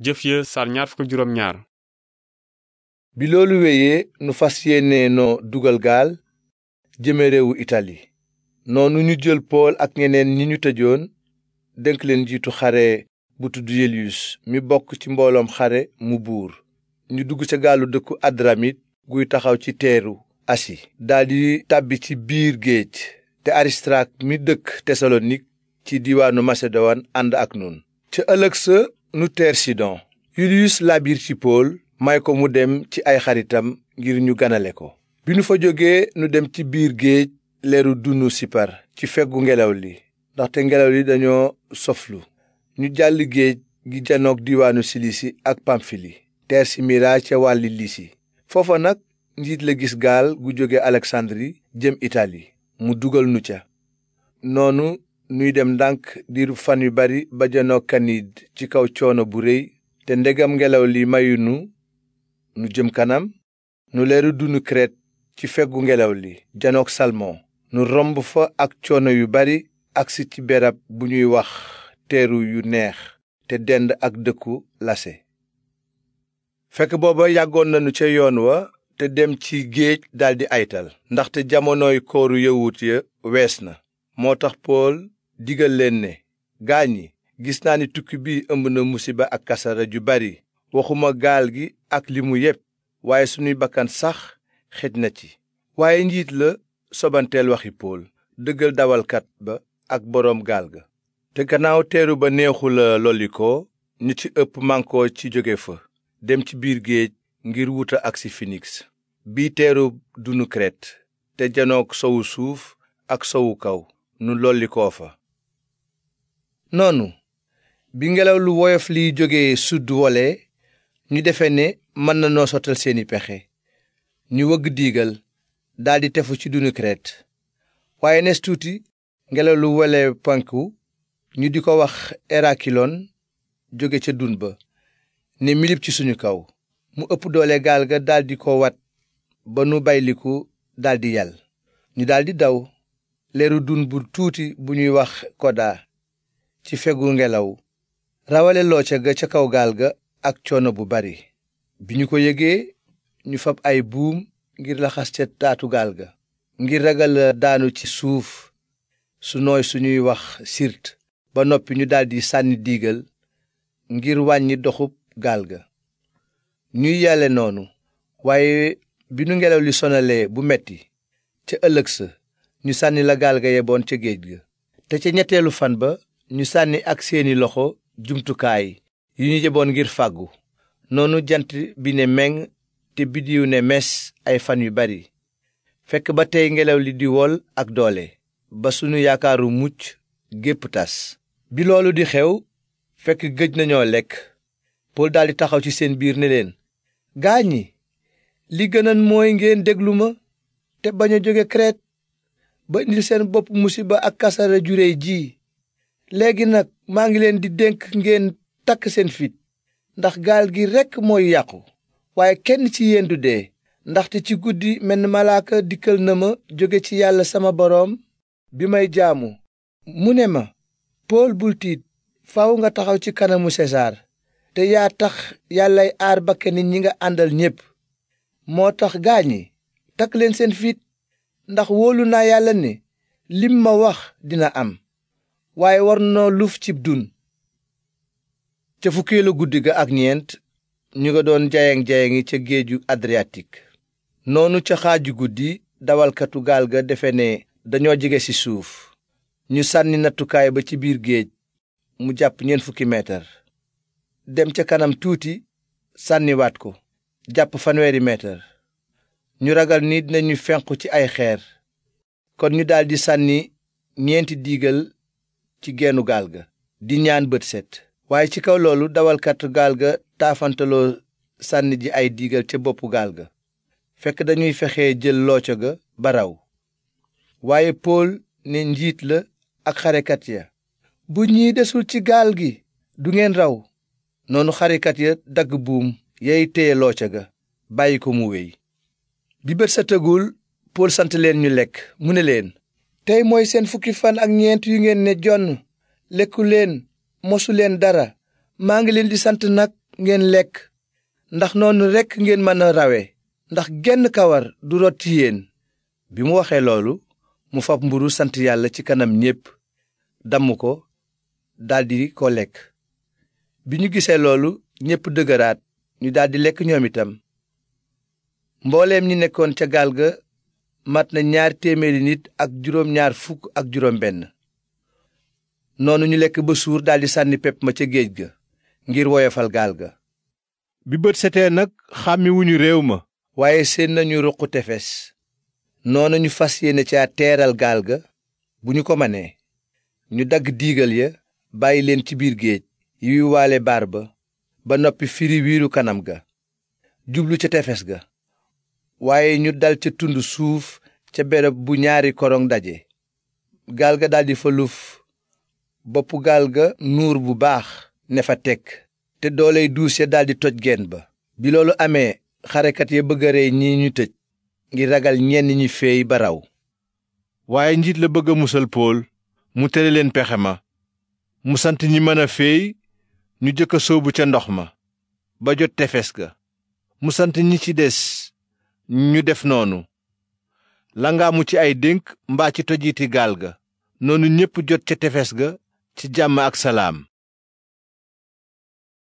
jëf ya sar ñaar fukk juróom bi loolu wéyee nu fas yéene noo dugal gaal jëme réewu itali noonu ñu jël pool ak ñeneen ñi ñu tëjoon dénk leen jiitu xare bu tudd mi bokk ci mbooloom xare mu buur ñu dugg ci gaalu dëkku adramit guy taxaw ci teeru asi daldi tàbbi ci biir géej te aristark mi dëkk tesalonik ci diiwaanu masedowan ànd ak nun ca ëllëg sa nu ter sidon yuliyus laabiir ci pool may ko mu dem ci ay xaritam ngir ñu ganale ko bi nu fa jógee nu dem ci biir géej leeru dunu sipar ci feggu ngelaw li ndaxte ngelaw li dañoo soflu ñu jàll géej gi janoog diwaanu silisi ak pamfili teer si mira ca wàlli lisi foofa nag njiit la gis gaal gu jóge alexandri jëm itali mu dugal nu ca noonu nuy dem ndànk diiru fan yu bari ba janoo kaniid ci kaw coono bu réy te ndegam ngelaw li mayunu nu jëm kanam nu leeru dunu kret ci feggu ngelaw li janook salmon nu romb fa ak coono yu bari agsi ci berab bu ñuy wax teeru yu neex te dend ak dëkku lase fekk booba yàggoon nañu ca yoon wa te dem ci géej daldi aytal ndaxte jamonoy kooru yawut ya wees na moo tax pool digal leen ne gaañi gis naa ni tukki bi ëmb na musiba ak kasara ju bari waxuma gaal gi ak limu mu yépp waaye sunuy bakkan sax xej na ci waaye njiit la sobanteel waxi pool dëggal dawalkat ba ak boroom gaal ga te gannaaw teeru ba neexu la lollikoo ñu ci ëpp mànkoo ci jóge fa dem ci biir géej ngir wuta agsi finiks bii teeru dunu kret te janook sowu suuf ak sowu kaw nu lollikoo fa noonu bi ngelaw lu woyof liy jóge sudd wolee ñu defe ne mën na noo sottal seeni pexe ñu wëgg diigal daldi tefu ci dunu Kret waaye nes tuuti ngelaw lu wole panku ñu di ko wax erakiloon jóge ca dun ba ne milib ci suñu kaw mu ëpp doole gaal ga daldi ko wat ba nu bayliku daldi yal ñu daldi daw leeru dun bu tuuti bu ñuy wax kodaa ci fegu ngelaw rawale looca ga ca kaw gaal ga ak coono bu bari bi ñu ko yëgee ñu fab ay buum ngir laxas ca taatu gaal ga ngir ragal daanu ci suuf su nooy ñuy wax sirt ba noppi ñu daldi sànni diigal ngir wàññi doxub gaal ga ñuy yàlle noonu waaye bi nu ngelaw li sonalee bu metti ca ëllëg sa ñu sànni la gaal ga yeboon ca géej ga te ca ñetteelu fan ba ñu sànni ak seeni loxo jumtukaay yu ñu jëboon ngir fàggu noonu jant bi ne meng te biddiw ne mes ay fan yu bari fekk ba tey ngelaw li di wol ak doole ba sunu yaakaaru mucc gépp tas bi loolu di xew fekk gëj nañoo lekk Pool daldi taxaw ci seen biir ne leen gaañi li gënan mooy ngeen déglu ma te bañ a jóge Kret ba indil seen bopp musiba ak kasara jurey ji léegi nag maa ngi leen di dénk ngeen takk seen fit ndax gaal gi rekk mooy yàqu waaye kenn ci yéen du dee ndaxte ci guddi menn malaaka dikkal na ma jóge ci yàlla sama boroom bi may jaamu mu ne ma pool bul tiit faw nga taxaw ci kanamu sesaar te yaa tax yàllay aar bakkani ñi nga àndal ñépp moo tax gaañi takk leen seen fit ndax wóolu naa yàlla ne lim ma wax dina am waaye war noo luf cib dun ca fukkeelu guddi ga ak ñeent ñu nga doon jayang-jayangi ca géeju adriatique noonu ca xaaju guddi dawalkatu gaal ga defe ne dañoo jege ci suuf ñu sànni nattukaay ba ci biir géej mu jàpp ñeent fukki meetar dem ca kanam tuuti sànniwaat ko jàpp fanweeri meetar ñu ragal ni dinañu fenqu ci ay xeer kon ñu daldi sànni ñeenti diigal ci geenu gaal ga di ñaan bët set waaye ci kaw loolu dawalkat gaal ga taafantaloo sànni ji ay diigal ca boppu gaal ga fekk dañuy fexe jël looco ga baraw waaye pool ne njiit la ak xarekat ya bu ñii desul ci gaal gi du ngeen raw noonu xarekat ya dagg buum yay téye looco ga bàyyi ko mu wéy bi bët setagul sant leen ñu lekk mu ne leen tey mooy seen fukki fan ak ñeent yu ngeen ne jonn lekku leen mosu leen dara maa ngi leen di sant nag ngeen lekk ndax noonu rekk ngeen mën a rawe ndax genn kawar du rot ci yéen bi mu waxee loolu mu fab mburu sant yàlla ci kanam ñépp damm ko daldi ko lekk bi ñu gisee loolu ñépp dëgëraat ñu daldi lekk ñoom itam mbooleem ñi nekkoon ca gaal ga mat na ñaar téeméeri nit ak juróom ñaar fukk ak juróom benn noonu ñu lekk ba suur daldi sànni pepp ma ca géej ga ngir woyofal gaal ga bi bët setee nag xàmmiwuñu réew ma waaye séen nañu ruqu tefes noonu ñu fas yéene ca teeral gaal ga bu ñu ko manee ñu dagg diigal ya bàyyi leen ci biir géej yiwi waale baar ba ba noppi firi wiiru kanam ga jublu ca tefes ga waaye ñu dal ca tund suuf ca bereb bu ñaari korong daje gaal ga daldi fëluf luf bopp gaal ga nuur bu baax ne fa tekk te dooley duus ya daldi toj geen ba bi loolu amee xarekat ya bëgg a rey ñi ñu tëj ngir ragal ñenn ñi feey ba raw waaye njiit la bëgg a musal pool mu tere leen pexe ma musant ñi mën a feey ñu jëkk a sóobu ca ndox ma ba jot tefes ga musant sant ñi ci des ñu def noonu langaamu ci ay dénk mbaa ci tojiiti gaal ga noonu ñépp jot ca tefes ga ci jàmm ak salaam